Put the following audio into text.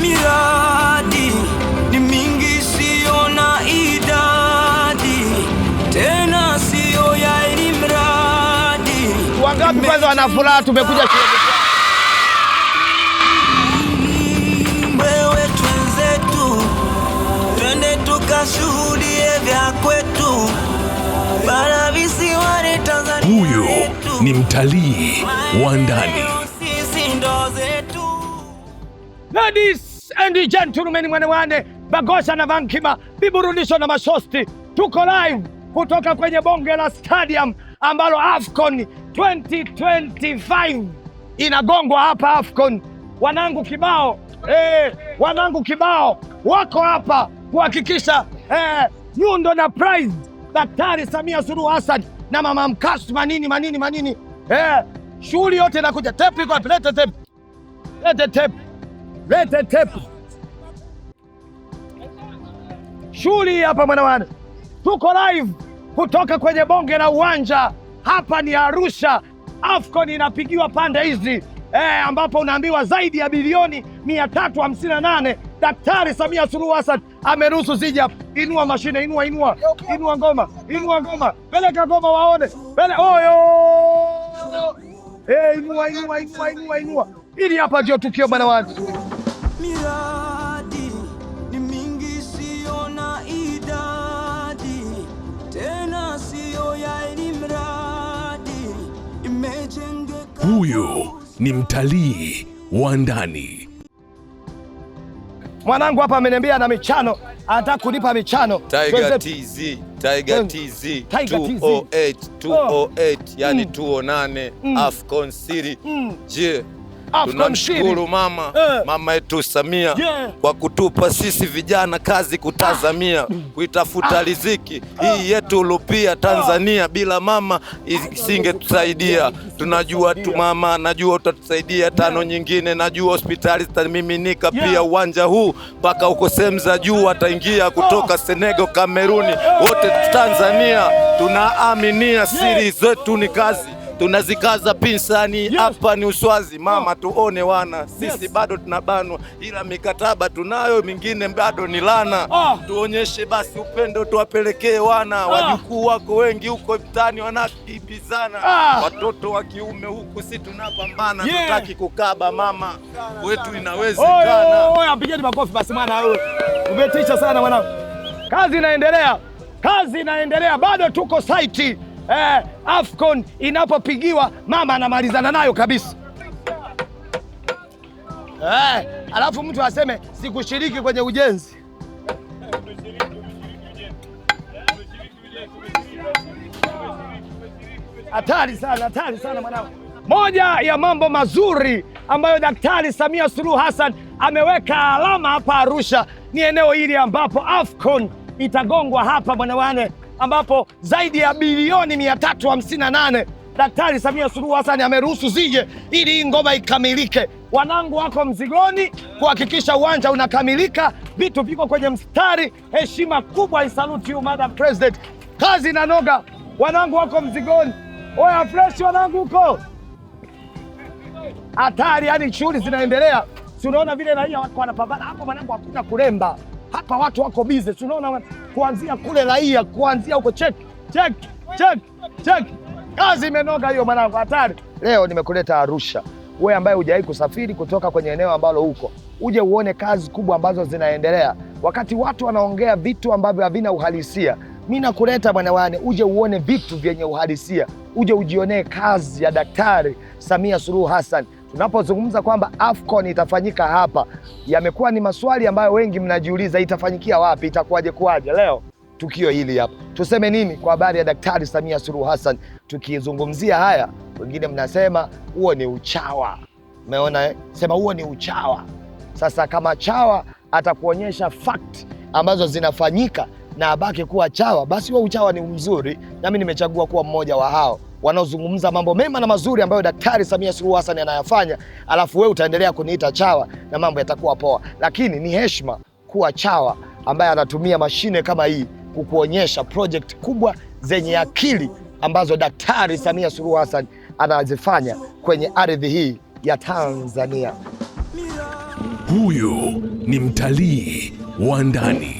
miradi ni mingi, siyo na idadi tena, siyo ya ilimradi. Wangapi kwanza wana furaha, tumekuja wewe, twenzetu twende tukashuhudie vya kwetu bara visiwani Tanzania. Huyo ni mtalii wa ndani. Ladies and gentlemen, mwanemwane Bagosa na Vankima, viburudisho na mashosti. Tuko live kutoka kwenye bonge la stadium ambalo AFCON 2025 inagongwa hapa. AFCON wanangu kibao eh, wanangu kibao wako hapa kuhakikisha eh, nyundo na prize Daktari Samia Suluhu Hassan na mama Mkasu manini manini manini eh, shughuli yote inakuja. Tepi kwa lete tepi, lete tepi lete tepu shuli hapa mwanawana, tuko live kutoka kwenye bonge la uwanja. Hapa ni Arusha, AFCON inapigiwa pande hizi eh, ambapo unaambiwa zaidi ya bilioni 358 Daktari Samia Suluhu Hassan ameruhusu zije Inua mashine, inua, inua, inua ngoma, inua ngoma, peleka ngoma waone, pele oyo, eh, inua, inua, inua, inua, inua. Ili hapa ndio tukio bwana miradi ni mingi, siyo na idadi tena, siyo ya imejengeka. Huyu ni mtalii wa ndani. Mwanangu hapa ameniambia na michano, anataka kunipa michano. Tiger TZ, Tiger TZ, 208, 208, yani 208 mm. Afcon mm. Je, Tunamshukuru mama eh, mama yetu Samia yeah, kwa kutupa sisi vijana kazi kutazamia kuitafuta ah. riziki ah. hii yetu lupia Tanzania. Ah. Bila mama isingetusaidia. Tunajua tu mama, najua utatusaidia tano nyingine, najua hospitali zitamiminika pia. Uwanja huu mpaka huko sehemu za juu ataingia kutoka Senegal, Kameruni, wote Tanzania tunaaminia siri zetu ni kazi tunazikaza pinsani hapa yes. Ni uswazi mama, oh. tuone wana sisi yes. Bado tunabanwa, ila mikataba tunayo mingine bado ni lana oh. Tuonyeshe basi upendo, tuwapelekee wana oh. Wajukuu wako wengi huko mtani wanakibizana oh. Ah. Watoto wa kiume huku, si tunapambana yeah. Tutaki kukaba mama wetu, inawezekana. Oya, makofi basi mwana, wewe umetisha sana mwana. Kazi inaendelea, kazi inaendelea, bado tuko saiti eh, Afcon inapopigiwa mama anamalizana nayo kabisa eh, alafu mtu aseme sikushiriki kwenye ujenzi Hatari sana, hatari sana mwanangu. Moja ya mambo mazuri ambayo Daktari Samia Suluhu Hassan ameweka alama hapa Arusha ni eneo hili ambapo Afcon itagongwa hapa bwana wane ambapo zaidi ya bilioni 358 Daktari Samia Suluhu Hassan ameruhusu zije ili hii ngoma ikamilike. Wanangu wako mzigoni kuhakikisha uwanja unakamilika, vitu viko kwenye mstari. Heshima kubwa, I salute you Madam President. Kazi na noga, wanangu wako mzigoni. Oya fresh, wanangu huko hatari, yani shughuli zinaendelea, si unaona vile raia wako wanapambana hapo. Mwanangu, hakuna kulemba hapa watu wako bize, tunaona kuanzia kule raia, kuanzia huko check check check check, kazi imenoga hiyo mwanangu, hatari. Leo nimekuleta Arusha, wewe ambaye hujawahi kusafiri kutoka kwenye eneo ambalo huko, uje uone kazi kubwa ambazo zinaendelea, wakati watu wanaongea vitu ambavyo havina uhalisia. Mi nakuleta mwanawane, uje uone vitu vyenye uhalisia, uje ujionee kazi ya Daktari Samia Suluhu Hassan tunapozungumza kwamba AFCON itafanyika hapa, yamekuwa ni maswali ambayo wengi mnajiuliza, itafanyikia wapi? Itakuwaje? Kuwaje? Leo tukio hili hapa, tuseme nini kwa habari ya Daktari Samia Suluhu Hassan? Tukizungumzia haya, wengine mnasema huo ni uchawa. Umeona, eh? sema huo ni uchawa. Sasa kama chawa atakuonyesha fact ambazo zinafanyika na abake kuwa chawa, basi huo uchawa ni mzuri, nami nimechagua kuwa mmoja wa hao wanaozungumza mambo mema na mazuri ambayo Daktari Samia Suluhu Hassan anayafanya, alafu wewe utaendelea kuniita chawa na mambo yatakuwa poa. Lakini ni heshima kuwa chawa ambaye anatumia mashine kama hii kukuonyesha project kubwa zenye akili ambazo Daktari Samia Suluhu Hassan anazifanya kwenye ardhi hii ya Tanzania. Huyu ni mtalii wa ndani